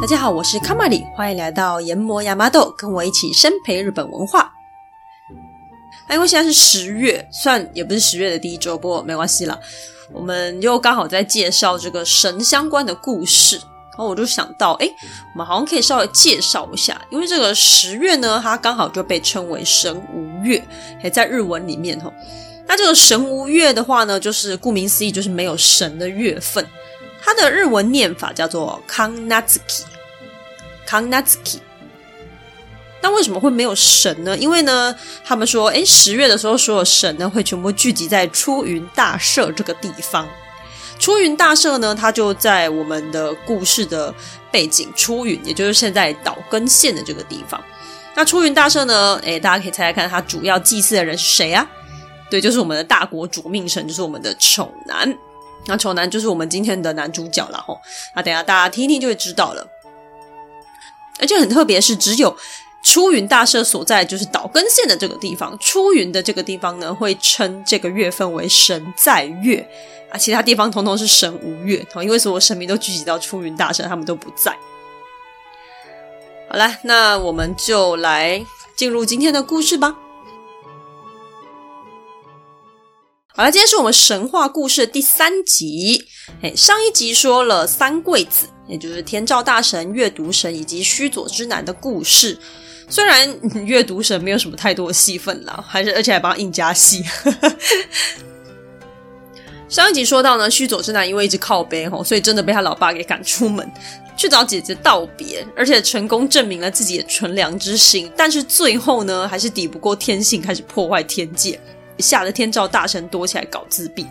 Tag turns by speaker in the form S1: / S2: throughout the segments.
S1: 大家好，我是卡瑪里。歡迎來到研磨亞麻豆，跟我一起深培日本文化。哎，因為現在是十月，算也不是十月的第一周，不過沒關係啦。我們又剛好在介紹這個神相關的故事，然後我就想到，哎，我們好像可以稍微介紹一下，因為這個十月呢，它剛好就被稱為神無月，誒，在日文裡面吼。那這個神無月的話呢，就是顧名思義，就是沒有神的月份。它的日文念法叫做康納茲 g 康 a t s k k 那為什麼會沒有神呢？因為呢，他們說，哎，十月的時候所有神呢會全部聚集在出雲大社這個地方。出雲大社呢，它就在我們的故事的背景出雲，也就是現在島根縣的這個地方。那出雲大社呢，哎，大家可以猜猜看，它主要祭祀的人是誰啊？對，就是我們的大國主命神，就是我們的醜男。那醜男就是我們今天的男主角了吼，那等一下大家聽一聽就會知道了。而且很特別，是只有出雲大社所在，就是島根縣的這個地方，出雲的這個地方呢，會稱這個月份為神在月啊，其他地方通通是神無月啊，因為所有神明都聚集到出雲大社，他們都不在。好啦，那我們就來進入今天的故事吧。好了，今天是我們神話故事的第三集。嘿，上一集說了三貴子，也就是天照大神、月讀神以及須佐之男的故事。雖然、嗯、月讀神沒有什麼太多的戲份了，還是而且還幫他硬加戲。 上一集說到呢，須佐之男因為一直靠背吼，所以真的被他老爸給趕出門，去找姐姐道別，而且成功證明了自己的純良之心。但是最後呢，還是抵不過天性，開始破壞天界。嚇得天照大神躲起來搞自閉，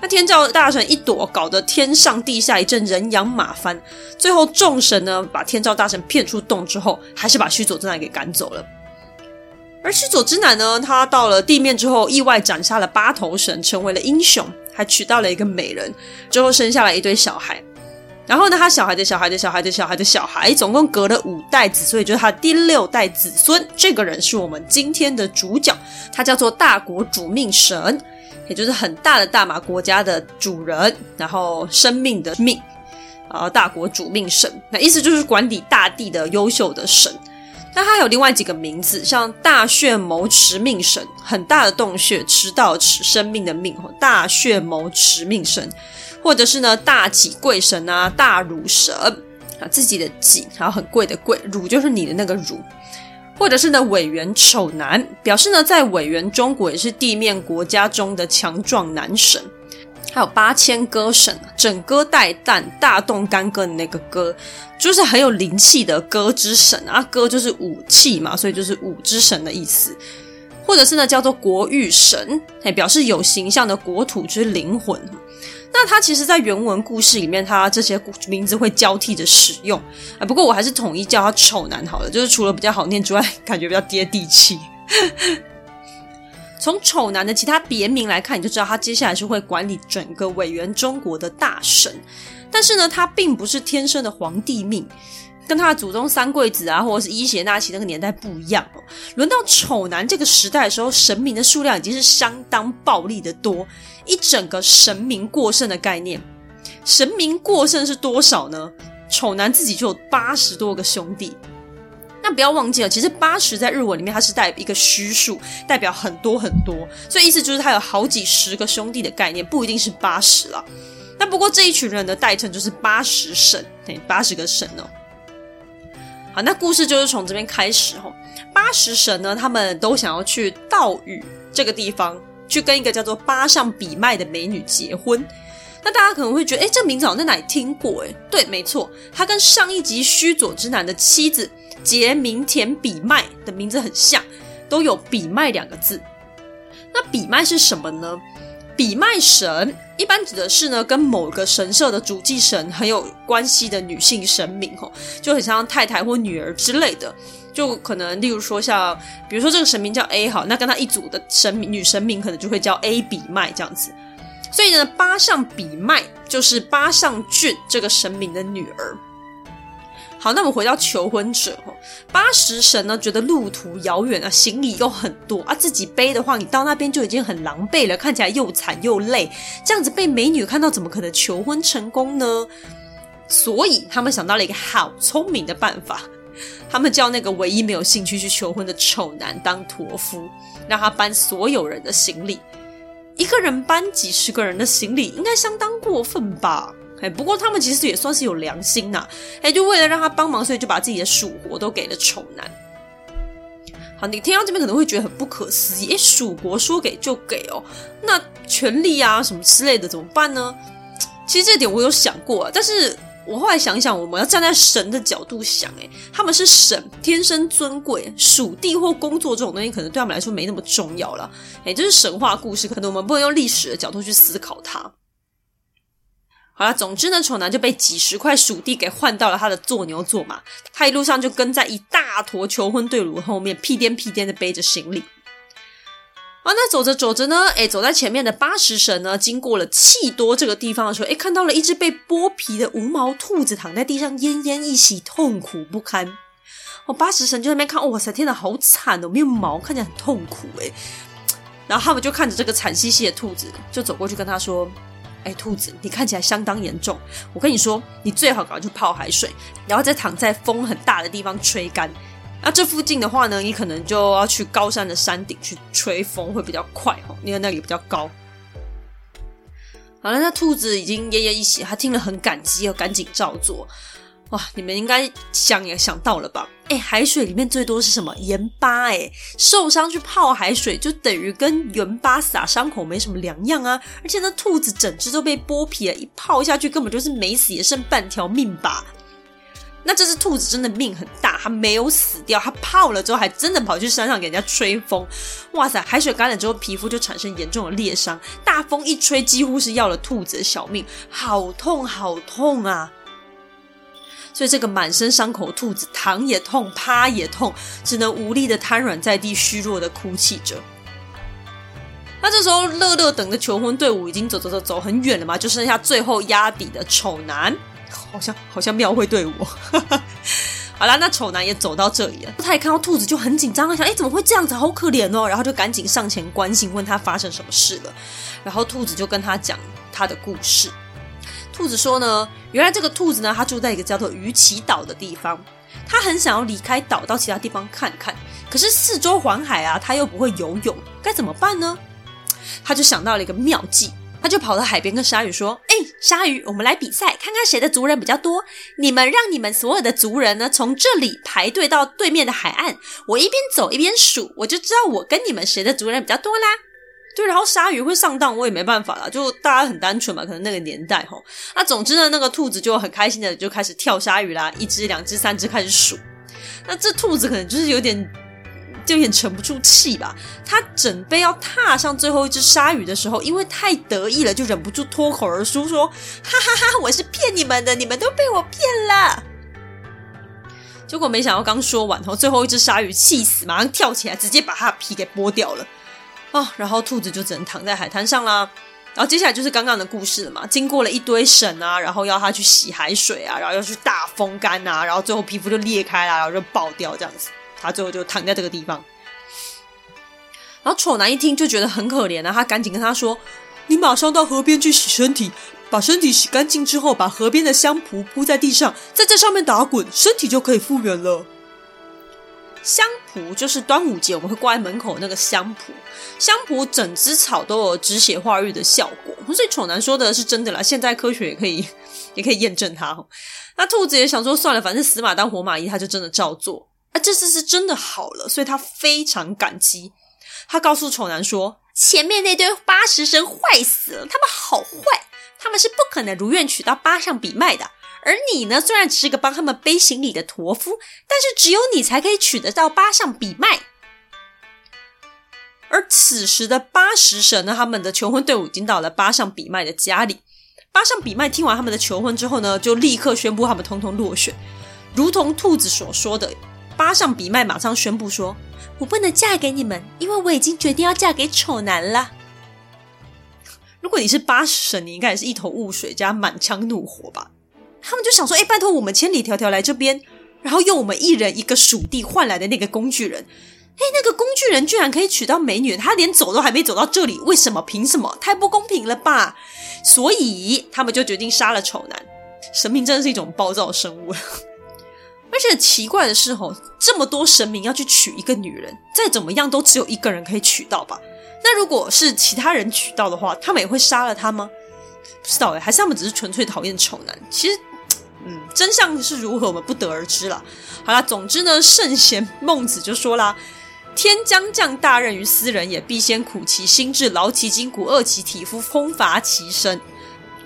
S1: 那天照大神一躲，搞得天上地下一陣人仰馬翻。最後眾神呢，把天照大神騙出洞之後，還是把須佐之男給趕走了。而須佐之男呢，他到了地面之後，意外斬殺了八頭神，成為了英雄，還娶到了一個美人，最後生下了一對小孩。然後呢，他小孩的小孩的小孩的小孩的小孩，總共隔了五代子，所以就是他第六代子孫。這個人是我們今天的主角，他叫做大國主命神，也就是很大的大馬國家的主人，然後生命的命，然後大國主命神，那意思就是管理大地的優秀的神。那他還有另外幾個名字，像大穴謀持命神，很大的洞穴遲到遲生命的命，大穴謀持命神。或者是呢，大己貴神啊，大汝神啊，自己的己，還有很貴的貴，汝就是你的那個汝。或者是呢，葦原醜男表示呢，在葦原中國也是地面國家中的強壯男神。還有八千戈神，啊，整戈帶旦大動干戈的那個戈，就是很有靈氣的戈之神啊，戈就是武器嘛，所以就是武之神的意思。或者是呢，叫做國玉神，哎，表示有形象的國土之，就是，靈魂。那他其實，在原文故事裡面，他這些名字會交替的使用、啊。不過我還是統一叫他醜男好了，就是除了比較好念之外，感覺比較接地氣。 從醜男的其他別名來看，你就知道他接下來是會管理整個委員中國的大神。但是呢，他並不是天生的皇帝命，跟他的祖宗三貴子啊，或者是伊邪那岐那個年代不一樣哦。輪到醜男這個時代的時候，神明的數量已經是相當暴力的多。一整個神明過剩的概念，神明過剩是多少呢？醜男自己就有八十多個兄弟，那不要忘記了、哦，其實八十在日文裡面它是代表一個虛數，代表很多很多，所以意思就是他有好幾十個兄弟的概念，不一定是八十了。那不過這一群人的代稱就是八十神，對、欸，八十個神哦。好，那故事就是從這邊開始哦。八十神呢，他們都想要去稻羽這個地方。去跟一個叫做八上比賣的美女結婚，那大家可能會覺得，誒，這名字，好像在哪裡聽過？欸，誒對，沒錯，他跟上一集須佐之男的妻子櫛名田比賣的名字很像，都有比賣兩個字。那比賣是什麼呢？比賣神一般指的是呢，跟某個神社的主祭神很有關係的女性神明，吼，就很像太太或女兒之類的。就可能，例如說像，比如說這個神明叫 A 好，那跟他一組的神明，女神明可能就會叫 A 比麥這樣子。所以呢，八上比麥就是八上俊這個神明的女兒。好，那我們回到求婚者哈，八十神呢覺得路途遙遠啊，行李又很多啊，自己背的話，你到那邊就已經很狼狽了，看起來又慘又累，這樣子被美女看到，怎麼可能求婚成功呢？所以他們想到了一個好聰明的辦法。他們叫那個唯一沒有興趣去求婚的醜男當馱夫，讓他搬所有人的行李，一個人搬幾十個人的行李，應該相當過分吧？哎，不過他們其實也算是有良心吶、啊，哎，就為了讓他幫忙，所以就把自己的蜀國都給了醜男。好，你聽到這邊可能會覺得很不可思議，哎，蜀國說給就給哦？那權力啊什麼之類的怎麼辦呢？其實這點我有想過啊，但是。我後來想一想，我們要站在神的角度想，欸，誒他們是神，天生尊貴，屬地或工作這種東西可能對他們來說沒那麼重要了，誒、欸、這、就是神話故事，可能我們不能用歷史的角度去思考它。好了，總之呢，醜男就被幾十塊屬地給換到了他的做牛做馬，他一路上就跟在一大坨求婚隊伍後面，屁顛屁顛的背着行李。啊，那走着走着呢，誒，走在前面的八十神呢，經過了氣多這個地方的時候，誒，看到了一隻被剝皮的無毛兔子躺在地上奄奄一息，痛苦不堪。哦，八十神就在那邊看，哇塞，天哪，好慘哦，沒有毛，看起來很痛苦誒，然後他們就看着這個慘兮兮的兔子，就走過去跟他說：“誒，兔子，你看起來相當嚴重，我跟你說，你最好趕快去泡海水，然後再躺在風很大的地方吹乾。”那、啊、這附近的話呢，你可能就要去高山的山頂去吹風，會比較快哦，因為那裡比較高。好了，那兔子已經奄奄一息，他聽了很感激，要趕緊照做。哇，你們應該想也想到了吧？哎，海水裡面最多是什麼？鹽巴，欸。哎，受傷去泡海水，就等於跟鹽巴撒傷口沒什麼兩樣啊。而且那兔子整隻都被剝皮了，一泡下去，根本就是沒死，也剩半條命吧。那這隻兔子真的命很大，它沒有死掉。它泡了之後，還真的跑去山上給人家吹風。哇塞，海水乾了之後，皮膚就產生嚴重的裂傷。大風一吹，幾乎是要了兔子的小命。好痛，好痛啊！所以這個滿身傷口的兔子，躺也痛，趴也，也痛，只能無力的癱軟在地，虛弱的哭泣着。那這時候，樂樂等的求婚隊伍已經走走走走很遠了嘛，就剩下最後壓底的醜男。好像好像廟會對我， 好啦。那醜男也走到這裡了。他也看到兔子，就很緊張，想：哎，怎麼會這樣子？好可憐哦！然後就趕緊上前關心，問他發生什麼事了。然後兔子就跟他講他的故事。兔子說呢，原來這個兔子呢，他住在一個叫做魚奇島的地方。他很想要離開島，到其他地方看看。可是四周環海啊，他又不會游泳，該怎麼辦呢？他就想到了一個妙計。他就跑到海邊跟鯊魚說：“欸，鯊魚，我們來比賽，看看誰的族人比較多。你們讓你們所有的族人呢，從這裡排隊到對面的海岸，我一邊走一邊數，我就知道我跟你們誰的族人比較多啦。對，然後鯊魚會上當，我也沒辦法了，就大家很單純嘛，可能那個年代吼。那總之呢，那個兔子就很開心的就開始跳鯊魚啦，一隻、兩隻、三隻開始數。那這兔子可能就是有點……就有點沉不住氣吧。他準備要踏上最後一只鯊魚的時候，因為太得意了，就忍不住脫口而出說：“哈，哈哈哈，我是騙你們的，你們都被我騙了。”結果沒想到剛說完，然後最後一只鯊魚氣死，馬上跳起來，直接把他的皮給剝掉了啊、哦！然後兔子就只能躺在海灘上啦。然後接下來就是剛剛的故事了嘛，經過了一堆神啊，然後要他去洗海水啊，然後要去大風乾啊，然後最後皮膚就裂開了，然後就爆掉這樣子。他最後就躺在這個地方，然後醜男一聽就覺得很可憐啊，他趕緊跟他說：“你馬上到河邊去洗身體，把身體洗乾淨之後，把河邊的香蒲鋪在地上，在這上面打滾，身體就可以復原了。”香蒲就是端午節我們會掛在門口那個香蒲，香蒲整隻草都有止血化瘀的效果，所以醜男說的是真的啦。現在科學也可以也可以驗證他。那兔子也想說算了，反正死馬當活馬醫，他就真的照做。而這次是真的好了，所以他非常感激。他告訴醜男說：“前面那堆八十神壞死了，他們好壞，他們是不可能如願娶到八上比賣的。而你呢，雖然只是個幫他們背行李的馱夫，但是只有你才可以娶得到八上比賣。”而此時的八十神呢，他們的求婚隊伍已經到了八上比賣的家裡。八上比賣聽完他們的求婚之後呢，就立刻宣布他們通通落選，如同兔子所說的。巴上比麥馬上宣布說：“我不能嫁給你們，因為我已經決定要嫁給醜男了。”如果你是巴神，你應該也是一頭霧水加滿腔怒火吧？他們就想說：“誒、欸、拜托，我們千里迢迢來這邊，然後用我們一人一個屬地換來的那個工具人，欸、那個工具人居然可以娶到美女，他連走都還沒走到這裡，為什麼？憑什麼？太不公平了吧！”所以他們就決定殺了醜男。神明真的是一種暴躁生物。而且奇怪的是，吼，這麼多神明要去娶一個女人，再怎麼樣都只有一個人可以娶到吧？那如果是其他人娶到的話，他們也會殺了他嗎？不知道哎，還是他們只是純粹討厭醜男？其實，嗯，真相是如何，我們不得而知啦。好啦，總之呢，聖賢孟子就說啦：“天將降大任於斯人也，必先苦其心志，勞其筋骨，餓其體膚，空乏其身。”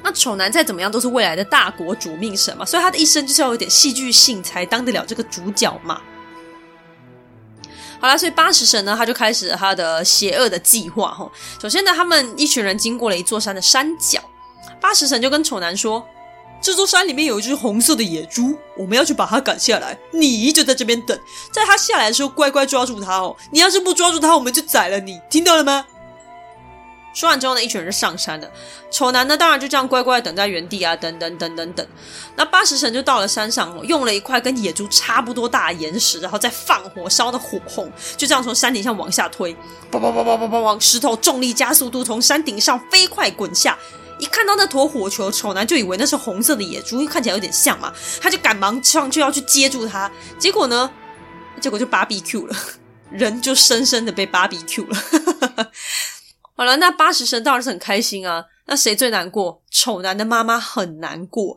S1: 那醜男再怎麼樣都是未來的大國主命神嘛，所以他的一生就是要有點戲劇性才當得了這個主角嘛。好啦，所以八十神呢，他就開始了他的邪惡的計劃哈、哦。首先呢，他們一群人經過了一座山的山腳，八十神就跟醜男說：“這座山裡面有一隻紅色的野豬，我們要去把它趕下來，你一直在這邊等，在他下來的時候乖乖抓住他哦。你要是不抓住他，我們就宰了你，聽到了嗎？”說完之後呢，一群人就上山了。醜男呢，當然就這樣乖乖等在原地啊，等等等等等。那八十神就到了山上，用了一塊跟野豬差不多大的岩石，然後再放火燒的火紅，就這樣從山頂上往下推，砰砰砰砰砰砰，石頭重力加速度從山頂上飛快滾下。一看到那坨火球，醜男就以為那是紅色的野豬，看起來有點像嘛，他就趕忙上去要去接住他。結果呢，結果就 barbecue 了，人就深深的被 barbecue 了。哈哈好了，那八十神當然是很開心啊。那誰最難過？醜男的媽媽很難過，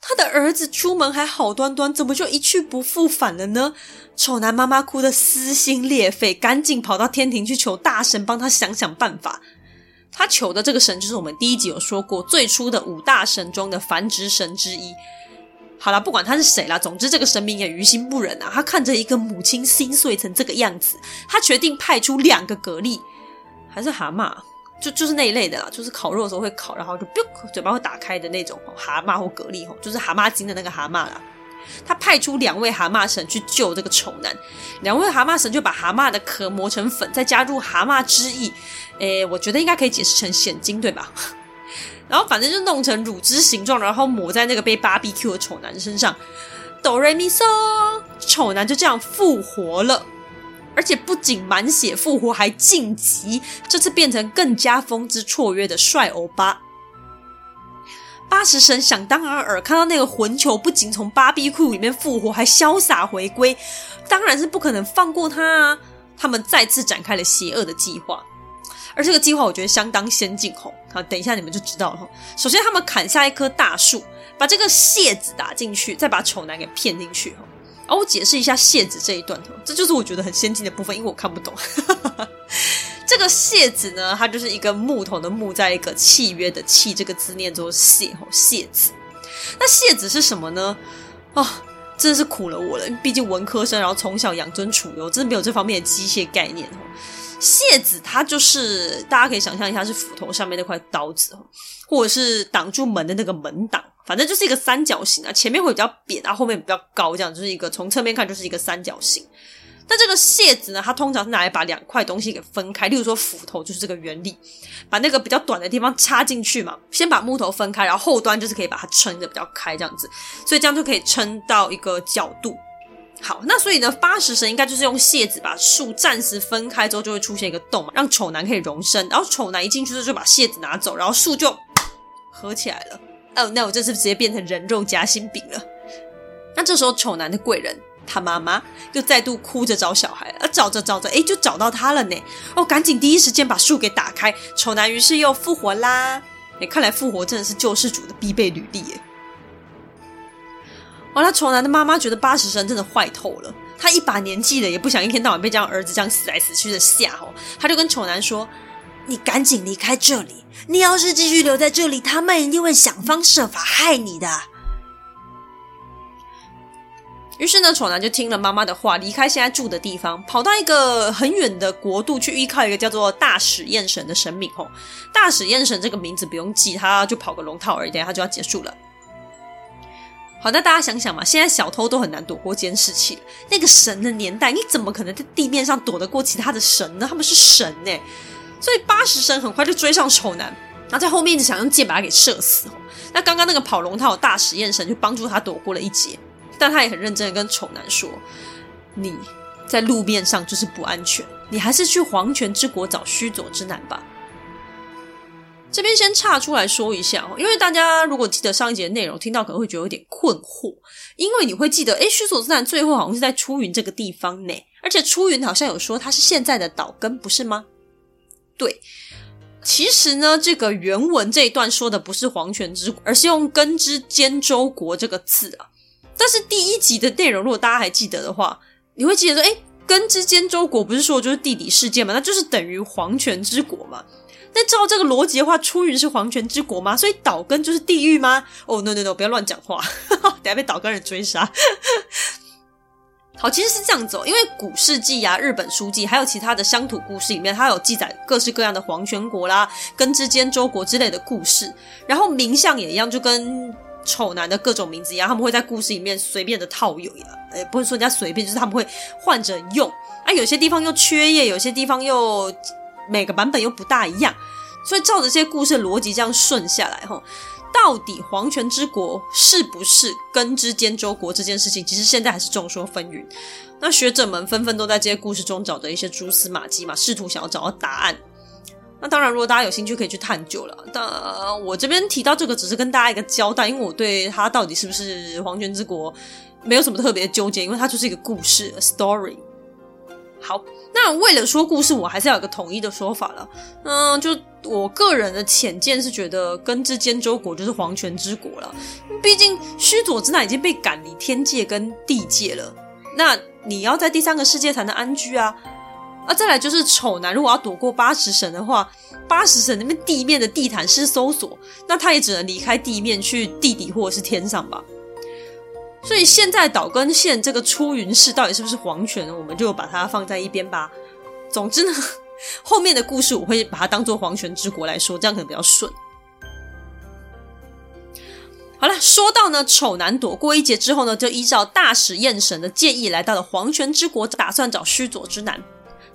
S1: 他的兒子出門還好端端，怎麼就一去不復返了呢？醜男媽媽哭得撕心裂肺，趕緊跑到天庭去求大神幫他想想辦法。他求的這個神就是我們第一集有說過最初的五大神中的繁殖神之一。好了，不管他是誰啦，總之這個神明也於心不忍啊。他看着一個母親心碎成這個樣子，他決定派出兩個格力。還是蛤蟆，就就是那一類的啦，就是烤肉的時候會烤，然後就嘴巴會打開的那種、哦、蛤蟆或蛤蜊哦，就是蛤蟆精的那個蛤蟆啦。他派出兩位蛤蟆神去救這個醜男，兩位蛤蟆神就把蛤蟆的殼磨成粉，再加入蛤蟆汁液，誒，我覺得應該可以解釋成蜆精對吧？然後反正就弄成乳汁形狀，然後抹在那個被 B B Q 的醜男身上，哆瑞咪嗦，醜男就這樣復活了。而且不僅滿血復活，還晉級。這次變成更加風姿綽約的帥歐巴。八十神想當然耳，看到那個混球不僅從芭比 Q 裡面復活，還瀟灑回歸，當然是不可能放過他啊！他們再次展開了邪惡的計劃，而這個計劃我覺得相當先進哦。好，等一下你們就知道了。首先，他們砍下一棵大樹，把這個楔子打進去，再把醜男給騙進去。哦，我解釋一下“楔子”這一段，這就是我覺得很先進的部分，因為我看不懂。 這個“楔子”呢，它就是一個木頭的“木”在一個契約的“契”這個字念作“楔”哈，“楔子”。那“楔子”是什麼呢？啊、哦，真的是苦了我了，畢竟文科生，然後從小養尊處優，真的沒有這方面的機械概念。楔子它就是大家可以想象一下，是斧頭上面那塊刀子或者是擋住門的那個門擋。反正就是一個三角形啊，前面會比較扁，然後後面比較高，這樣就是一個從側面看就是一個三角形。那這個楔子呢，它通常是拿來把兩塊東西給分開，例如說斧頭就是這個原理，把那個比較短的地方插進去嘛，先把木頭分開，然後後端就是可以把它撐的比較開，這樣子，所以這樣就可以撐到一個角度。好，那所以呢，八十神應該就是用楔子把樹暫時分開之後，就會出現一個洞嘛，讓醜男可以容身，然後醜男一進去之後就把楔子拿走，然後樹就合起來了。哦，那我、oh no, 這是，不是直接變成人肉夾心餅了。那這時候，醜男的貴人他媽媽又再度哭着找小孩，啊，找着找着，哎，就找到他了呢。哦，趕緊第一時間把樹給打開，醜男於是又復活啦。哎，看來復活真的是救世主的必備履歷耶。完、哦、了，那醜男的媽媽覺得八十神真的壞透了，他一把年紀了，也不想一天到晚被這樣兒子這樣死來死去的嚇。哦，他就跟醜男說：“你趕緊離開這裡。”你要是繼續留在這裡，他們一定會想方設法害你的。於是呢，醜男就聽了媽媽的話，離開現在住的地方，跑到一個很遠的國度去，依靠一個叫做大使宴神的神明。吼、哦，大使宴神這個名字不用記，他就跑個龍套而已。等下他就要結束了。好，那大家想想嘛，現在小偷都很難躲過監視器了，那個神的年代，你怎麼可能在地面上躲得過其他的神呢？他們是神呢、欸。所以八十神很快就追上醜男，然後在後面一直想用箭把他給射死。那剛剛那個跑龍套的大實驗神就幫助他躲過了一劫，但他也很認真的跟醜男說：“你在路面上就是不安全，你還是去黃泉之國找須佐之男吧。”這邊先岔出來說一下哦，因為大家如果記得上一節內容，聽到可能會覺得有點困惑，因為你會記得，哎，須佐之男最後好像是在出雲這個地方呢，而且出雲好像有說他是現在的島根，不是嗎？對，其實呢，這個原文這一段說的不是黃泉之國，而是用“根之堅州國”這個字啊。但是第一集的內容，如果大家還記得的話，你會記得說：“哎，根之堅州國不是說就是地底世界嗎？那就是等於黃泉之國嘛。”那照這個邏輯的話，出雲是黃泉之國嗎？所以島根就是地獄嗎？哦，oh，no no no，不要亂講話， 等下被島根人追殺。 好，其實是這樣子哦，因為古事記呀、啊、日本書紀還有其他的鄉土故事裡面，它有記載各式各樣的黃泉國啦、根之堅州國之類的故事。然後名相也一樣，就跟醜男的各種名字一樣，他們會在故事裡面隨便的套用，也不是說人家隨便，就是他們會換着用。啊，有些地方又缺頁，有些地方又每個版本又不大一樣，所以照着這些故事的邏輯這樣順下來吼、哦。到底黃泉之國是不是根之兼州國這件事情，其實現在還是眾說紛紜。那學者們紛紛都在這些故事中找著一些蛛絲馬跡嘛，試圖想要找到答案。那當然，如果大家有興趣，可以去探究了。但我這邊提到這個，只是跟大家一個交代，因為我對他到底是不是黃泉之國，沒有什麼特別糾結，因為它就是一個故事 a story。好，那為了說故事，我還是要有個統一的說法了。嗯、呃，就我個人的淺見是覺得，根之堅州國就是黃泉之國了。畢竟須佐之男已經被趕離天界跟地界了，那你要在第三個世界才能安居啊。啊，再來就是醜男，如果要躲過八十神的話，八十神那邊地面的地毯式搜索，那他也只能離開地面去地底或者是天上吧。所以現在島根縣這個出雲市到底是不是黃泉？我們就把它放在一邊吧。總之呢，後面的故事我會把它當做黃泉之國來說，這樣可能比較順。好了，說到呢，醜男躲過一劫之後呢，就依照大使彥神的建議，來到了黃泉之國，打算找須佐之男。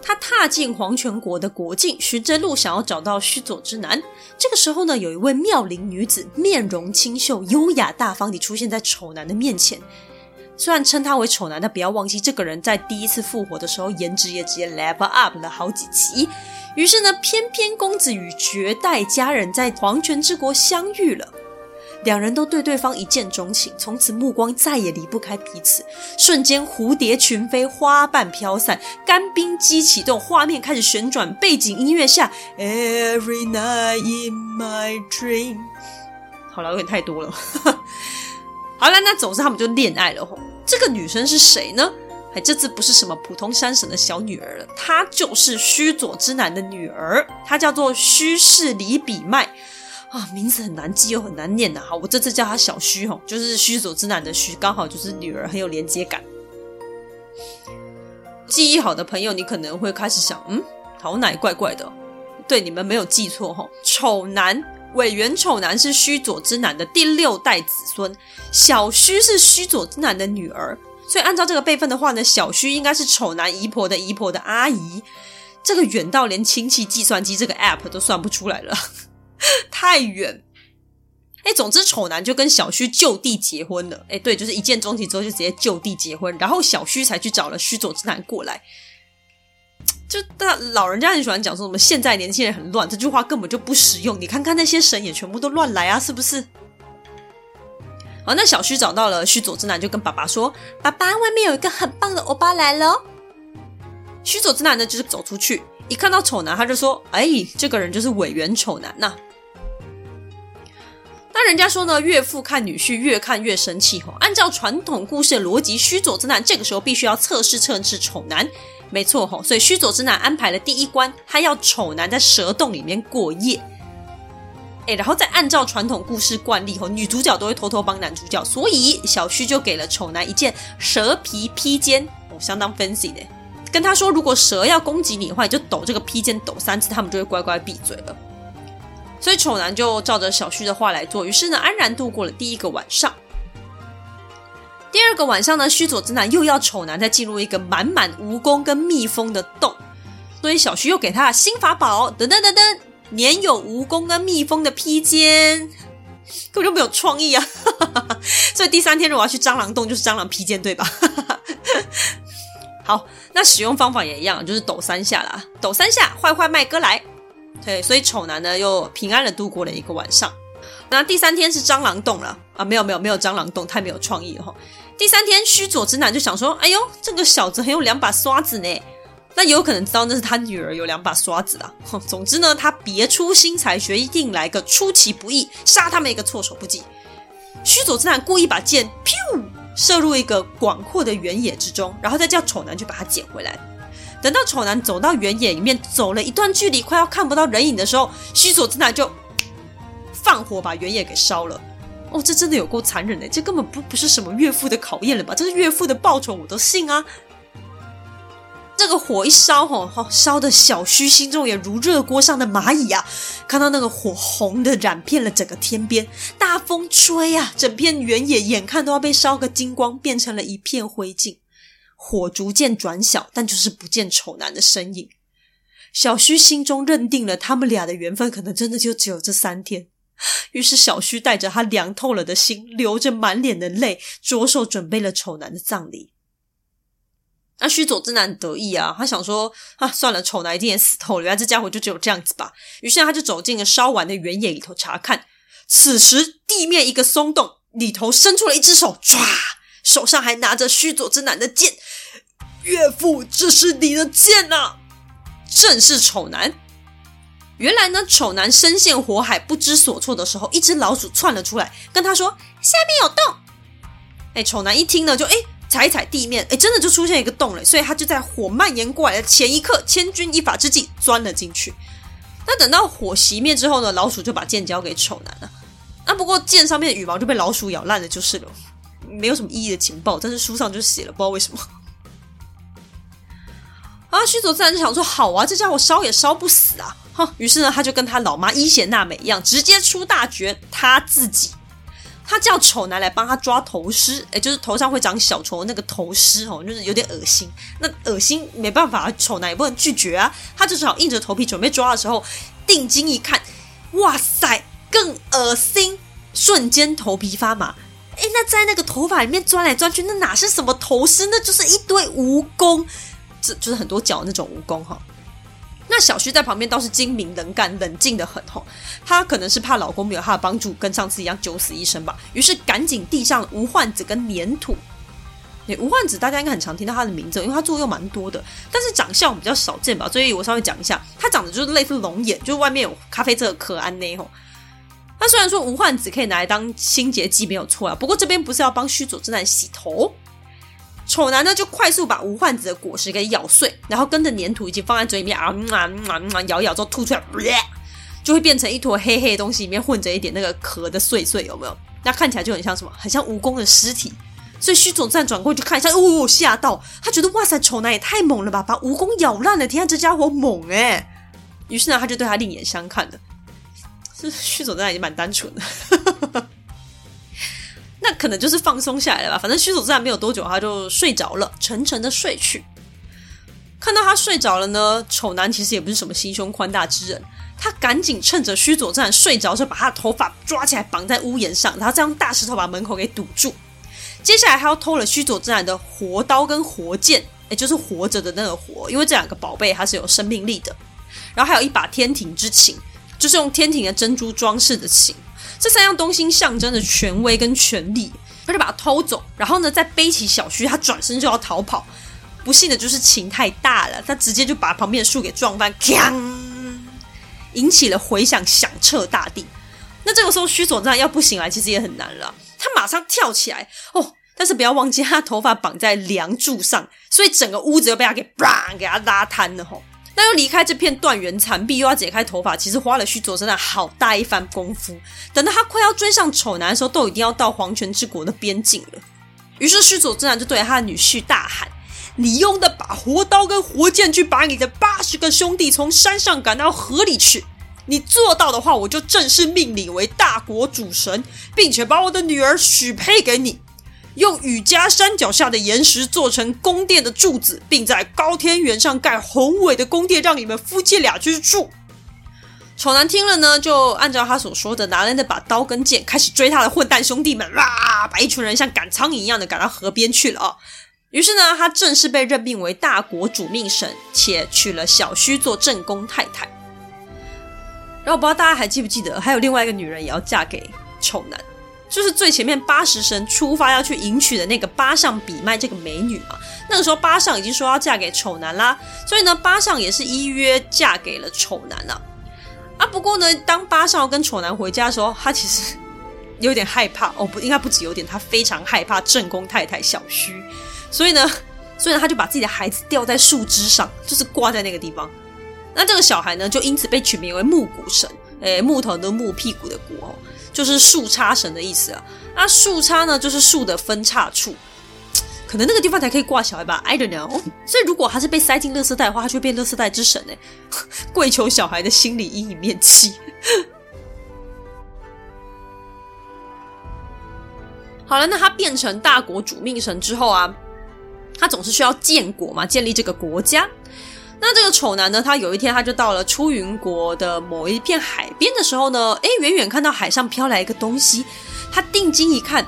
S1: 他踏進黃泉國的國境，尋著路想要找到須佐之男。這個時候呢，有一位妙齡女子，面容清秀、優雅大方地出現在醜男的面前。雖然稱他為醜男，但不要忘記，這個人在第一次復活的時候，顏值也直接 level up 了好幾級。於是呢，翩翩公子與絕代佳人在黃泉之國相遇了。兩人都對對方一見鍾情，從此目光再也離不開彼此。瞬間蝴蝶群飛，花瓣飄散，乾冰機啟動，畫面開始旋轉，背景音樂下，Every night in my dream。好啦，有點太多了。 好啦，那總之他們就戀愛了吼。吼這個女生是誰呢？哎，這次不是什麼普通山神的小女兒了，她就是須佐之男的女兒，她叫做須勢里比麥。啊，名字很難記又很難念吶！我這次叫他小須吼、哦，就是須佐之男的須，剛好就是女兒很有連接感。記憶好的朋友，你可能會開始想，嗯，好奶怪怪的。對，你們沒有記錯吼、哦，醜男委員，醜男是須佐之男的第六代子孫，小須是須佐之男的女兒。所以按照這個輩分的話呢，小須應該是醜男姨婆的姨婆的阿姨。這個遠到連親戚計算機這個 APP 都算不出來了。太遠，哎，總之醜男就跟小須就地結婚了。哎，對，就是一見鍾情之後就直接就地結婚，然後小須才去找了須佐之男過來。就但老人家很喜歡講說什麼現在年輕人很亂，這句話根本就不實用。你看看那些神也全部都亂來啊，是不是？哦，那小須找到了須佐之男，就跟爸爸說：“爸爸，外面有一個很棒的歐巴來了。”須佐之男呢，就是走出去，一看到醜男，他就說：“哎，這個人就是葦原醜男吶、啊。”那人家說呢，岳父看女婿越看越生氣吼。按照傳統故事的邏輯，須佐之男這個時候必須要測試測試醜男，沒錯吼。所以須佐之男安排了第一關，他要醜男在蛇洞裡面過夜。哎，然後再按照傳統故事慣例吼，女主角都會偷偷幫男主角，所以小須就給了醜男一件蛇皮披肩，相當 fancy 哎，跟他說，如果蛇要攻擊你的話，你就抖這個披肩抖三次，他們就會乖乖閉嘴了。所以醜男就照着小須的話來做，於是呢，安然度過了第一個晚上。第二個晚上呢，須佐之男又要醜男再進入一個滿滿蜈蚣跟蜜蜂的洞，所以小須又給他新法寶，噔噔噔噔，黏有蜈蚣跟蜜蜂的披肩，根本就沒有創意啊！哈哈哈。所以第三天如果要去蟑螂洞，就是蟑螂披肩對吧？哈 哈好，那使用方法也一樣，就是抖三下啦，抖三下，壞壞麥哥來。對，所以醜男呢又平安地度過了一個晚上。那第三天是蟑螂洞了啊？沒有沒有沒有蟑螂洞，太沒有創意了哈。第三天，須佐之男就想說：“哎呦，這個小子還有兩把刷子呢。”那也有可能知道那是他女兒有兩把刷子啊，哼。總之呢，他別出心裁，決定來個出其不意，殺他們一個措手不及。
S2: 須佐之
S1: 男故意把劍噗射入一個廣闊的原野之中，然後再叫醜男去把它撿回來。等到醜男走到原野裡面，走了一段距離，快要看不到人影的時候，須佐之男就放火把原野給燒了。哦，這真的有夠殘忍的，這根本不不是什麼岳父的考驗了吧？這是岳父的報酬，我都信啊！這個火一燒，吼、哦、吼，燒的小須心中也如熱鍋上的螞蟻啊！看到那個火紅的染遍了整個天邊，大風吹啊，整片原野眼看都要被燒個精光，變成了一片灰燼。火逐漸轉小，但就是不見醜男的身影。小須心中認定了，他們倆的緣分可能真的就只有這三天。於是，小須帶着他涼透了的心，流着滿臉的淚，着手準備了醜男的葬禮。那須佐之男得意啊，他想說：“啊，算了，醜男一定也死透了，那這家伙就只有這樣子吧。”於是，他就走進了燒完的原野裡頭查看。此時，地面一個鬆動，裡頭伸出了一隻手，抓！手上還拿着須佐之男的劍，岳父，這是你的劍吶、啊！正是醜男。原來呢，醜男身陷火海不知所措的時候，一隻老鼠竄了出來，跟他說：“下面有洞。”哎，醜男一聽呢，就哎踩一踩地面，哎，真的就出現一個洞了，所以他就在火蔓延過來的前一刻，千鈞一髮之際鑽了進去。那等到火熄滅之後呢，老鼠就把劍交給醜男了。那不過劍上面的羽毛就被老鼠咬爛了，就是了。沒有什麼意義的情報，但是書上就寫了，不知道為什麼。啊，須佐自然就想說：“好啊，這家伙燒也燒不死啊！”哼，於是呢，他就跟他老媽伊邪娜美一樣，直接出大絕，他自己。他叫醜男來幫他抓頭蝨，誒就是頭上會長小蟲那個頭蝨哦，就是有點惡心。那惡心沒辦法，醜男也不能拒絕啊，他就只好硬着頭皮準備抓的時候，定睛一看，哇塞，更惡心，瞬間頭皮發麻。哎，那在那個頭髮裡面鑽來鑽去，那哪是什麼頭飾？那就是一堆蜈蚣，這就是很多腳的那種蜈蚣哈。那小徐在旁邊倒是精明能幹、冷靜得很吼。她可能是怕老公沒有她的幫助，跟上次一樣九死一生吧，於是趕緊遞上無患子跟粘土。無患子大家應該很常聽到他的名字，因為他作用蠻多的，但是長相我們比較少見吧，所以我稍微講一下，他長得就是類似龍眼，就是外面有咖啡色的殼，安內吼。他雖然說無患子可以拿來當清潔劑沒有錯啊，不過這邊不是要幫須佐之男洗頭，醜男呢就快速把無患子的果實給咬碎，然後跟着粘土一起放在嘴裡面啊，嗯嗯嗯，咬咬，咬，咬之後吐出來，呃，就會變成一坨黑黑的東西，裡面混着一點那個殼的碎碎，有沒有？那看起來就很像什麼？很像蜈蚣的屍體。所以須佐之男轉過去看一下，哦，哦，哦，嚇到他覺得哇塞，醜男也太猛了吧，把蜈蚣咬爛了，天啊，這家伙猛哎，欸！於是呢，他就對他另眼相看的。這須佐之男也蠻單純的，呵呵呵，那可能就是放鬆下來了吧，反正須佐之男沒有多久，他就睡着了，沉沉的睡去。看到他睡着了呢，醜男其實也不是什麼心胸寬大之人，他趕緊趁着須佐之男睡着，就把他的頭髮抓起來綁在屋檐上，然後再用大石頭把門口給堵住。接下來他又偷了須佐之男的活刀跟活劍，也就是活着的那個活，因為這兩個寶貝它是有生命力的。然後還有一把天庭之琴就是用天庭的珍珠裝飾的琴，這三樣東西象徵着權威跟權力，他就把它偷走，然後呢，再背起小須，他轉身就要逃跑。不幸的就是琴太大了，他直接就把旁邊的樹給撞翻，引起了回響，響徹大地。那這個時候須佐樣要不醒來，其實也很難了。他馬上跳起來，哦，但是不要忘記他頭髮綁在樑柱上，所以整個屋子又被他給啪，給他拉癱了吼！那又離開這片斷垣殘壁，又要解開頭髮，其實花了須佐之男好大一番功夫。等到他快要追上醜男的時候，都已經要到黃泉之國的邊境了。於是須佐之男就對着他的女婿大喊：“你用的把活刀跟活劍去把你的八十個兄弟從山上趕到河裡去。你做到的話，我就正式命你為大國主神，並且把我的女兒許配給你。”用雨加山腳下的岩石做成宮殿的柱子，並在高天原上蓋宏偉的宮殿，讓你們夫妻倆居住。醜男聽了呢，就按照他所說的，拿來那把刀跟劍，開始追他的混蛋兄弟們啦，把一群人像趕蒼蠅一樣的趕到河邊去了啊。於是呢，他正式被任命為大國主命神，且娶了小須做正宮太太。然後不知道大家還記不記得，還有另外一個女人也要嫁給醜男。就是最前面八十神出發要去迎娶的那個八上比賣這個美女嘛，那個時候八上已經說要嫁給醜男啦，所以呢，八上也是依約嫁給了醜男了。啊，不過呢，當八上跟醜男回家的時候，他其實有點害怕哦，不應該不止有點，他非常害怕正宮太太小須，所以呢，所以呢，他就把自己的孩子吊在樹枝上，就是掛在那個地方。那這個小孩呢，就因此被取名為木股神、欸，誒木頭的木，屁股的股哦。就是樹叉神的意思啊，那、啊、樹叉呢，就是樹的分叉處，可能那個地方才可以掛小孩吧？I don't know。 所以如果他是被塞進垃圾袋的話，他就變垃圾袋之神呢。跪 求小孩的心理陰影面積。 好了，那他變成大國主命神之後啊，他總是需要建國嘛，建立這個國家。那這個醜男呢，他有一天他就到了出雲國的某一片海邊的時候呢，誒，遠遠看到海上飄來一個東西，他定睛一看，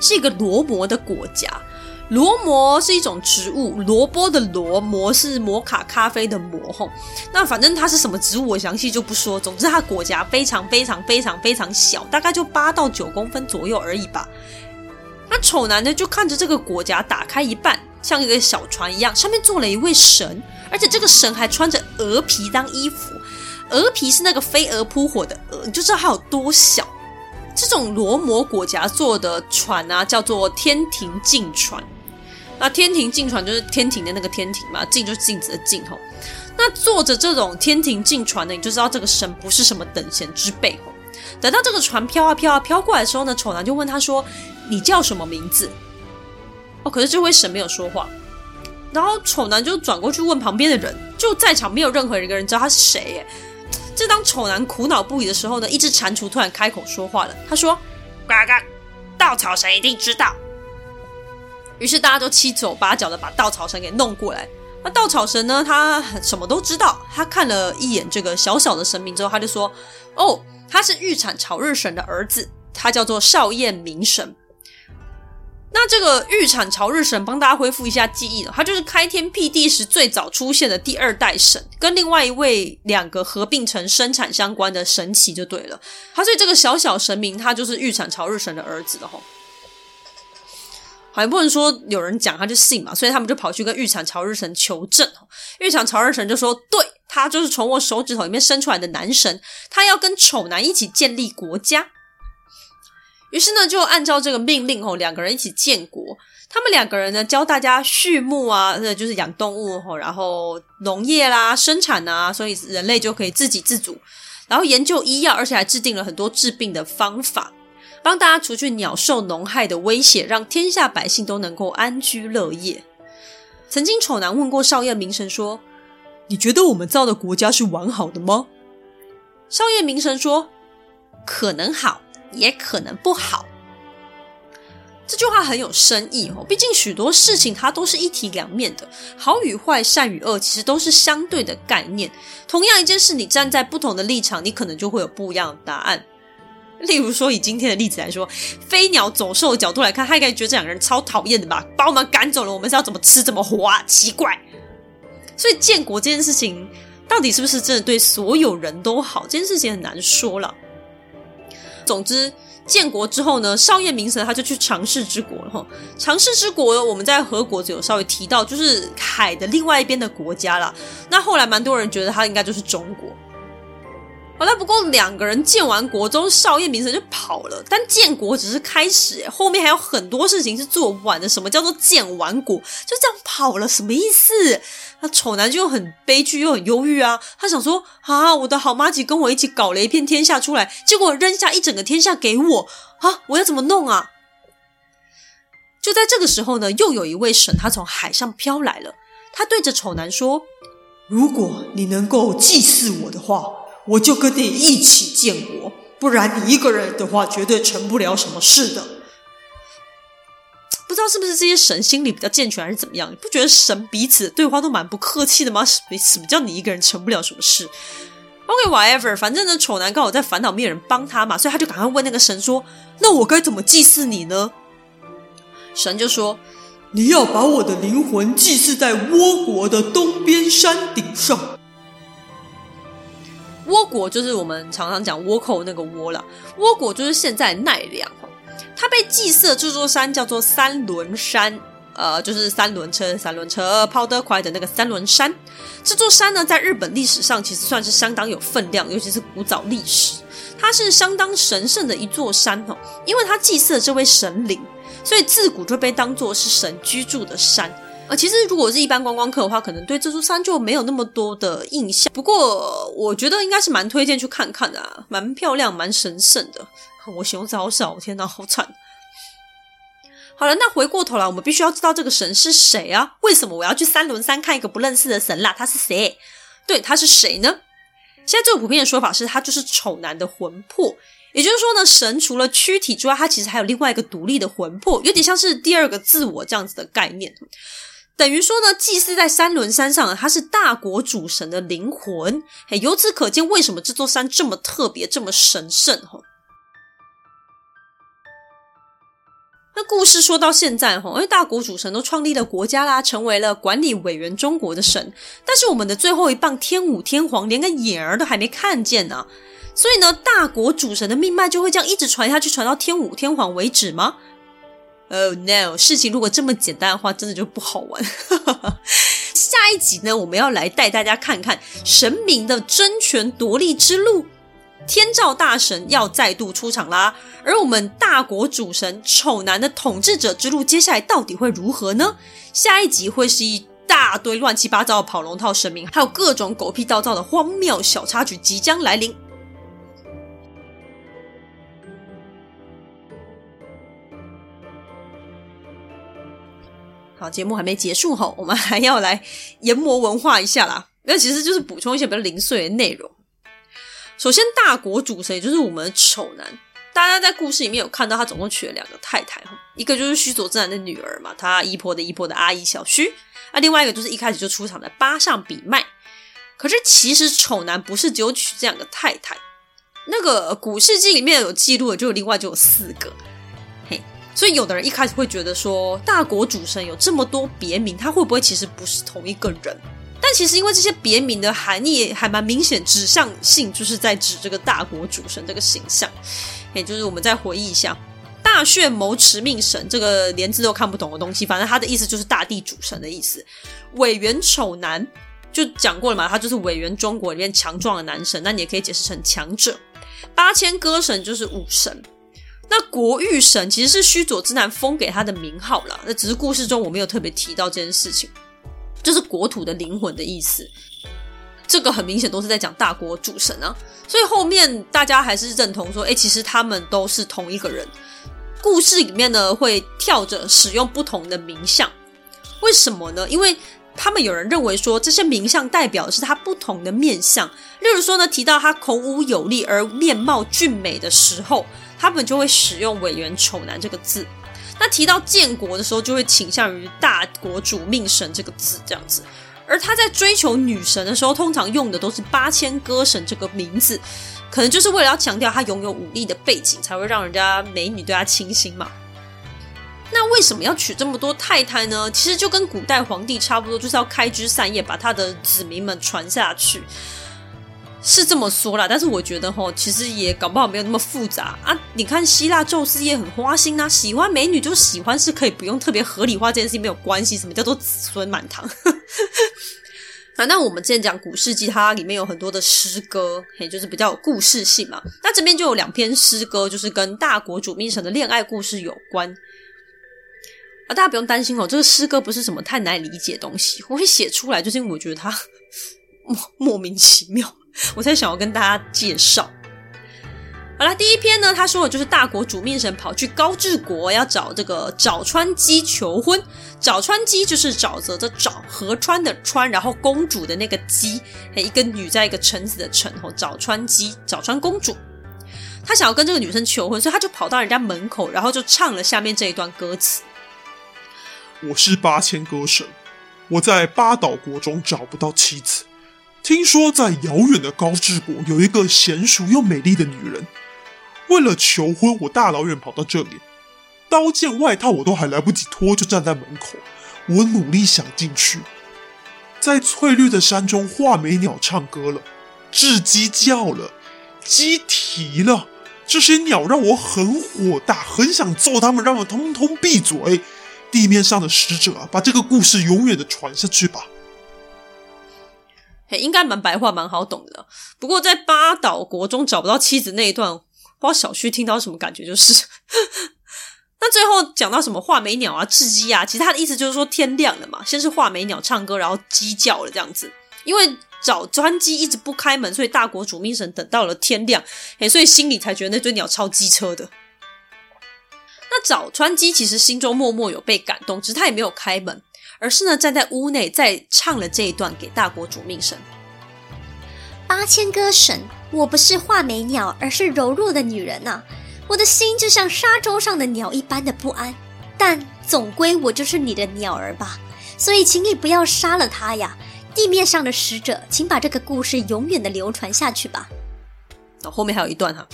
S1: 是一個蘿藦的果莢。蘿藦是一種植物，蘿蔔的蘿，藦是摩卡咖啡的摩，吼。那反正它是什麼植物，我詳細就不說。總之，它果莢非常非常非常非常小，大概就八到九公分左右而已吧。那醜男呢，就看着這個果莢打開一半，像一個小船一樣，上面坐了一位神，而且這個神還穿着蛾皮當衣服。蛾皮是那個飛蛾撲火的蛾，你就知道它有多小。這種羅摩果莢做的船啊，叫做天庭鏡船。那天庭鏡船就是天庭的那個天庭嘛，鏡就是鏡子的鏡吼。那坐着這種天庭鏡船呢，你就知道這個神不是什麼等閒之輩吼。等到這個船飄啊飄啊飄過來的時候呢，醜男就問他說：“你叫什麼名字？”哦，可是這位神沒有說話，然後醜男就轉過去問旁邊的人，就在場沒有任何一個人知道他是誰。耶！這當醜男苦惱不已的時候呢，一隻蟾蜍突然開口說話了，他說：“呱呱，稻草神一定知道。”於是大家都七手八腳的把稻草神給弄過來。那稻草神呢？他什麼都知道。他看了一眼這個小小的神明之後，他就說：“哦，他是神產巢日神的兒子，他叫做少彥名神。”那這個玉產朝日神幫大家恢復一下記憶了，他就是開天闢地時最早出現的第二代神，跟另外一位兩個合併成生產相關的神祇就對了。他、啊、所以這個小小神明，他就是玉產朝日神的兒子的吼，還不能說有人講他就信嘛，所以他們就跑去跟玉產朝日神求證，玉產朝日神就說，對，他就是從我手指頭裡面生出來的男神，他要跟醜男一起建立國家。於是呢，就按照這個命令哦，兩個人一起建國。他們兩個人呢，教大家畜牧啊，就是養動物哦，然後農業啦、生產啊，所以人類就可以自給自足。然後研究醫藥，而且還制定了很多治病的方法，幫大家除去鳥獸農害的威脅，讓天下百姓都能夠安居樂業。曾經醜男問過少彥名神說：“你覺得我們造的國家是完好的嗎？”少彥名神說：“可能好。”也可能不好。這句話很有深意哦，畢竟許多事情它都是一體兩面的，好與壞、善與惡，其實都是相對的概念。同樣一件事，你站在不同的立場，你可能就會有不一樣的答案。例如說，以今天的例子來說，飛鳥走獸的角度來看，他應該覺得這兩個人超討厭的吧，把我們趕走了，我們是要怎麼吃怎麼活啊？奇怪。所以建國這件事情，到底是不是真的對所有人都好？這件事情很難說了。總之，建國之後呢，少彥名神他就去常世之國了哈。常世之國，我們在何國只有稍微提到，就是海的另外一邊的國家啦，那後來蠻多人覺得他應該就是中國。好了，哦、那不過兩個人建完國之後，少彥名神就跑了。但建國只是開始，後面還有很多事情是做不完的。什麼叫做建完國就這樣跑了？什麼意思？那醜男就很悲劇，又很憂鬱啊。他想說啊，我的好麻吉跟我一起搞了一片天下出來，結果扔下一整個天下給我啊，我要怎麼弄啊？就在這個時候呢，又有一位神，他從海上飄來了。他對着醜男說：“如果你能夠祭祀我的話。”我就跟你一起建國，不然你一個人的話，絕對成不了什麼事的。不知道是不是這些神心理比較健全，還是怎麼樣？你不覺得神彼此對話都蠻不客氣的嗎？什麼什麼叫你一個人成不了什麼事？Okay, whatever。反正呢，醜男剛好在煩惱沒有人幫他嘛，所以他就趕快問那個神說：“那我該怎麼祭祀你呢？”神就說：“你要把我的靈魂祭祀在倭國的東邊山頂上。”倭國就是我們常常講倭寇那個倭了，倭國就是現在的奈良，它被祭祀的這座山叫做三輪山，呃，就是三輪車，三輪車跑得快的那個三輪山。這座山呢，在日本歷史上其實算是相當有分量，尤其是古早歷史，它是相當神聖的一座山哦，因為它祭祀這位神靈，所以自古就被當做是神居住的山。啊，其實如果是一般觀光客的話，可能對這座山就沒有那麼多的印象。不過，我覺得應該是蠻推薦去看看的、啊，蠻漂亮，蠻神聖的。啊、我形容詞好少，天哪，好慘。好了，那回過頭來，我們必須要知道這個神是誰啊？為什麼我要去三輪山看一個不認識的神啦？他是誰？對，他是誰呢？現在最普遍的說法是，他就是醜男的魂魄。也就是說呢，神除了軀體之外，他其實還有另外一個獨立的魂魄，有點像是第二個自我這樣子的概念。等於說呢，祭祀在三輪山上，它是大國主神的靈魂。由此可見，為什麼這座山這麼特別，這麼神聖？那故事說到現在，因為大國主神都創立了國家啦，成為了管理委員中國的神。但是，我們的最後一棒天武天皇連個眼兒都還沒看見呢，啊，所以呢，大國主神的命脈就會這樣一直傳下去，傳到天武天皇為止嗎？Oh no！事情如果這麼簡單的話，真的就不好玩。 下一集呢，我們要來帶大家看看神明的爭權奪利之路，天照大神要再度出場啦。而我們大國主神醜男的統治者之路，接下來到底會如何呢？下一集會是一大堆亂七八糟的跑龍套神明，還有各種狗屁倒灶的荒謬小插曲即將來臨。好，節目還沒結束齁，我們還要來研磨文化一下啦。那其實就是補充一些比較零碎的內容。首先，大國主神也就是我們的醜男，大家在故事裡面有看到他總共娶了兩個太太，一個就是須佐之男的女兒嘛，他姨婆的姨婆的阿姨小須啊，另外一個就是一開始就出場的八上比麥。可是其實醜男不是只有娶這兩個太太，那個古事記裡面有記錄的就有另外就有四個。所以，有的人一開始會覺得說，大國主神有這麼多別名，他會不會其實不是同一個人？但其實，因為這些別名的含義還蠻明顯，指向性就是在指這個大國主神這個形象。也、欸、就是，我們再回憶一下，大穴謀持命神這個連字都看不懂的東西，反正他的意思就是大地主神的意思。偉元醜男就講過了嘛，他就是偉元中國裡面強壯的男神，那你也可以解釋成強者。八千歌神就是武神。那國玉神其實是須佐之男封給他的名號啦，那只是故事中我沒有特別提到這件事情，就是國土的靈魂的意思。這個很明顯都是在講大國主神啊，所以後面大家還是認同說，哎、欸，其實他們都是同一個人。故事裡面呢會跳着使用不同的名相，為什麼呢？因為他們有人認為說這些名相代表的是他不同的面向，例如說呢提到他孔武有力而面貌俊美的時候。他本就會使用“葦原醜男”這個字，那提到建國的時候，就會傾向於“大國主命神”這個字這樣子。而他在追求女神的時候，通常用的都是“八千戈神”這個名字，可能就是為了要強調他擁有武力的背景，才會讓人家美女對他傾心嘛。那為什麼要娶這麼多太太呢？其實就跟古代皇帝差不多，就是要開枝散葉，把他的子民們傳下去。是這麼說啦，但是我覺得吼，其實也搞不好沒有那麼複雜啊。你看希臘宙斯也很花心啊，喜歡美女就喜歡是可以，不用特別合理化這件事情沒有關係。什麼叫做子孫滿堂？ 啊，那我們之前講古事記，它裡面有很多的詩歌，嘿，就是比較有故事性嘛。那這邊就有兩篇詩歌，就是跟大國主命神的戀愛故事有關啊。大家不用擔心哦，這個詩歌不是什麼太難理解的東西。我會寫出來，就是因為我覺得它莫莫名其妙。我才想要跟大家介紹，好啦，第一篇呢，他說的就是大國主命神跑去高志國要找這個沼川姬求婚。沼川姬就是沼澤的沼，河川的川，然後公主的那個姬，哎，一個女在一個臣子的臣，然後沼川姬、沼川公主，他想要跟這個女生求婚，所以他就跑到人家門口，然後就唱了下面這一段歌詞：
S2: 我是八千歌神，我在八島國中找不到妻子。聽說在遙遠的高志國，有一個嫻熟又美麗的女人。為了求婚，我大老遠跑到這裡，刀劍外套我都還來不及脫，就站在門口。我努力想進去，在翠綠的山中，畫眉鳥唱歌了，雉雞叫了，雞啼了。這些鳥讓我很火大，很想揍他們，讓我通通閉嘴。地面上的使者啊，把這個故事永遠的傳下去吧。
S1: 哎，應該蠻白話，蠻好懂的。不過在八島國中找不到妻子那一段，花小旭聽到什麼感覺，就是。 那最後講到什麼畫眉鳥啊、雉雞啊，其實他的意思就是說天亮了嘛。先是畫眉鳥唱歌，然後雞叫了這樣子。因為找川雞一直不開門，所以大國主命神等到了天亮，哎，所以心裡才覺得那堆鳥超機車的。那找川雞其實心中默默有被感動，只是他也沒有開門。而是呢，站在屋內再唱了這一段給大國主命神。八千歌神，我不是畫眉鳥，而是柔弱的女人吶、啊。我的心就像沙洲上的鳥一般的不安，但總歸我就是你的鳥兒吧。所以，請你不要殺了他呀。地面上的使者，請把這個故事永遠的流傳下去吧。後面還有一段哈。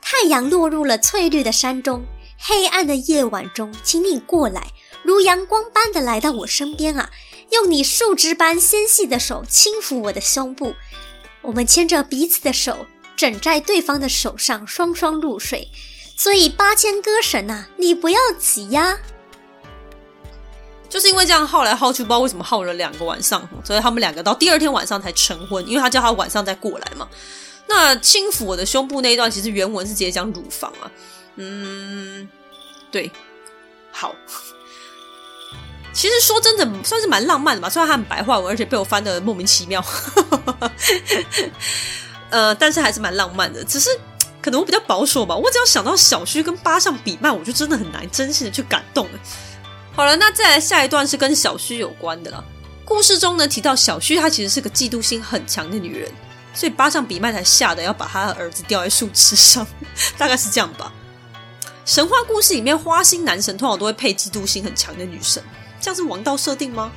S1: 太陽落入了翠綠的山中，黑暗的夜晚中，請你過來。如陽光般的來到我身邊啊，用你樹枝般纖細的手輕撫我的胸部，我們牽着彼此的手枕在對方的手上，雙雙入睡。所以八千歌神吶、啊，你不要急呀。就是因為這樣耗來耗去，不知道為什麼耗了兩個晚上，所以他們兩個到第二天晚上才成婚，因為他叫他晚上再過來嘛。那輕撫我的胸部那一段，其實原文是直接講乳房啊。嗯，對，好。其實說真的，算是蠻浪漫的吧。雖然它很白話文，而且被我翻得莫名其妙， 呃，但是還是蠻浪漫的。只是可能我比較保守吧，我只要想到小須跟八上比賣，我就真的很難真心的去感動。好了，那再來下一段是跟小須有關的啦。故事中呢，提到小須，她其實是個嫉妒心很強的女人，所以八上比賣才嚇得要把她的兒子吊在樹枝上，大概是這樣吧。神話故事裡面，花心男神通常都會配嫉妒心很強的女神。這樣是王道設定嗎？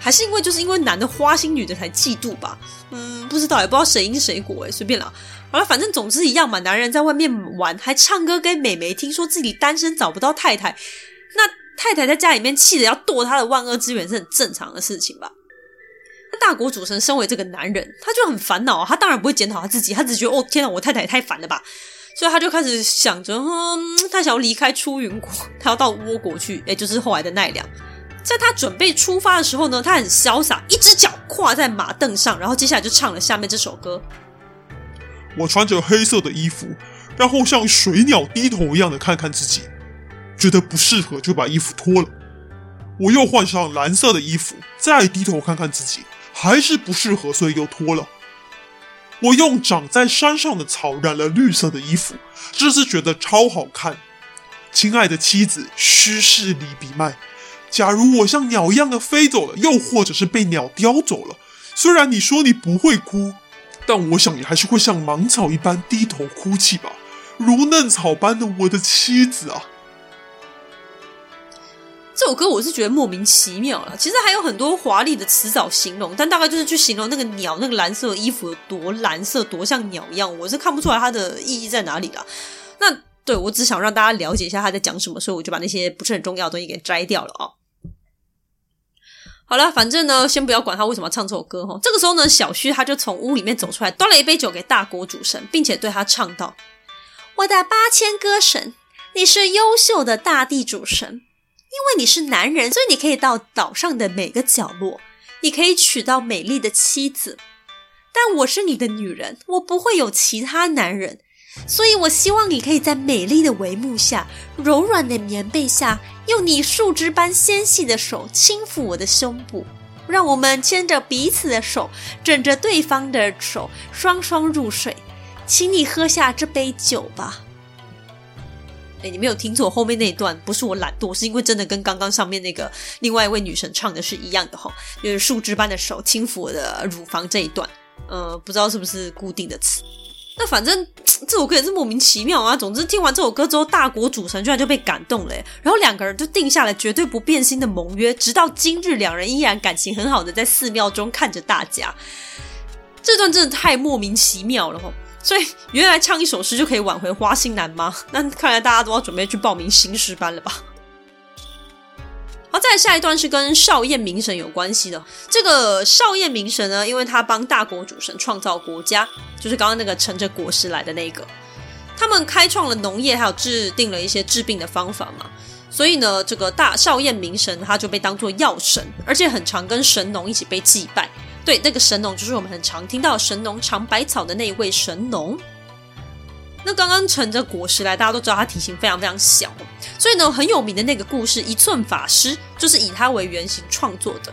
S1: 還是因為就是因為男的花心，女的才嫉妒吧？嗯，不知道，也不知道誰因誰果，誒、欸，隨便了。好了，反正總之一樣嘛，男人在外面玩，還唱歌給美眉聽，說自己單身找不到太太，那太太在家裡面氣得要剁他的萬惡之源是很正常的事情吧？那大國主神身為這個男人，他就很煩惱啊，他當然不會檢討他自己，他只覺得哦，天哪，我太太也太煩了吧。所以他就開始想着，嗯，他想要離開出雲國，他要到倭國去。哎，就是後來的奈良。在他準備出發的時候呢，他很瀟灑，一只腳跨在馬凳上，然後接下來就唱了下面這首歌：
S2: 我穿着黑色的衣服，然後像水鳥低頭一樣的看看自己，覺得不適合就把衣服脫了。我又換上藍色的衣服，再低頭看看自己，還是不適合，所以又脫了。我用長在山上的草染了綠色的衣服，這次覺得超好看。親愛的妻子，須世理比賣，假如我像鳥一樣的飛走了，又或者是被鳥叼走了，雖然你說你不會哭，但我想你還是會像芒草一般低頭哭泣吧，如嫩草般的我的妻子啊。
S1: 這首歌我是覺得莫名其妙了。其實還有很多華麗的詞藻形容，但大概就是去形容那個鳥、那個藍色的衣服有多藍色，多像鳥一樣。我是看不出來它的意義在哪裡了。那對我只想讓大家了解一下他在講什麼，所以我就把那些不是很重要的東西給摘掉了啊、哦。好了，反正呢，先不要管他為什麼要唱這首歌哈、哦。這個時候呢，小旭他就從屋裡面走出來，端了一杯酒給大國主神，並且對他唱道：“我的八千歌神，你是優秀的大地主神。”因為你是男人，所以你可以到島上的每個角落，你可以娶到美麗的妻子。但我是你的女人，我不會有其他男人，所以我希望你可以在美麗的帷幕下、柔軟的棉被下，用你樹枝般纖細的手輕撫我的胸部，讓我們牽着彼此的手，枕着對方的手，雙雙入睡。請你喝下這杯酒吧。哎、欸，你沒有聽錯，後面那一段不是我懶惰，是因為真的跟剛剛上面那個另外一位女神唱的是一樣的吼，就是樹枝般的手輕撫我的乳房這一段，嗯、呃，不知道是不是固定的詞。那反正這首歌也是莫名其妙啊。總之聽完這首歌之後，大國主神居然就被感動了、欸，然後兩個人就定下了絕對不變心的盟約，直到今日，兩人依然感情很好的在寺廟中看着大家。這段真的太莫名其妙了吼！所以原來唱一首詩就可以挽回花心男嗎？那看來大家都要準備去報名新詩班了吧？好，再下一段是跟少彥名神有關係的。這個少彥名神呢，因為他幫大國主神創造國家，就是剛剛那個乘着果實來的那個，他們開創了農業，還有制定了一些治病的方法嘛。所以呢，這個大少彥名神他就被當做藥神，而且很常跟神農一起被祭拜。對，那個神農就是我們很常聽到神農嘗百草的那一位神農。那剛剛乘着果實來，大家都知道他體型非常非常小，所以呢，很有名的那個故事《一寸法師》就是以他為原型創作的。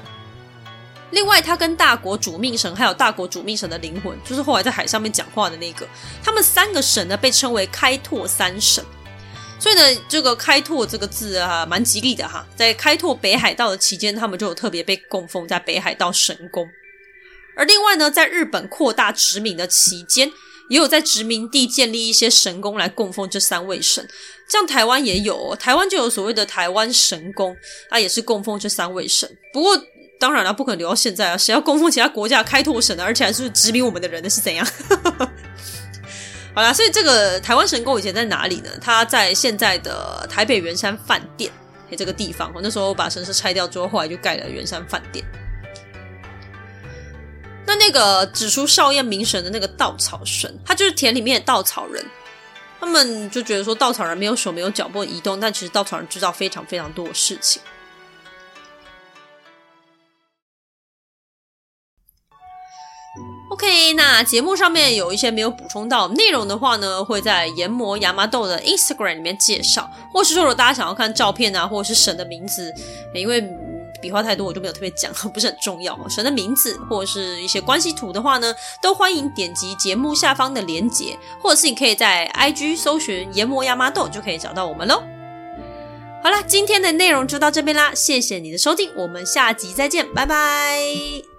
S1: 另外，他跟大國主命神還有大國主命神的靈魂，就是後來在海上面講話的那個，他們三個神呢，被稱為開拓三神。所以呢，這個開拓這個字啊，蠻吉利的哈。在開拓北海道的期間，他們就有特別被供奉在北海道神宮。而另外呢，在日本擴大殖民的期間，也有在殖民地建立一些神宮來供奉這三位神，像台灣也有，台灣就有所謂的台灣神宮，它也是供奉這三位神。不過當然了，不可能留到現在啊，誰要供奉其他國家的開拓神呢？啊？而且還是，不是殖民我們的人呢，是怎樣？ 好啦，所以這個台灣神宮以前在哪裡呢？它在現在的台北圓山飯店這個地方。我那時候我把神社拆掉之後，後來就蓋了圓山飯店。那那個指出少彥名神的那個稻草神，他就是田裡面的稻草人。他們就覺得說稻草人沒有手沒有腳不移動，但其實稻草人知道非常非常多的事情。OK，那節目上面有一些沒有補充到內容的話呢，會在研磨牙麻豆的 Instagram 裡面介紹，或是說如果大家想要看照片啊，或者是神的名字，因為。筆畫太多，我就沒有特別講，不是很重要。神的名字或者是一些關係圖的話呢，都歡迎點擊節目下方的鏈接，或者是你可以在 IG 搜尋研磨牙麻豆就可以找到我們嘍。好了，今天的內容就到這邊啦，謝謝你的收聽，我們下集再見，拜拜。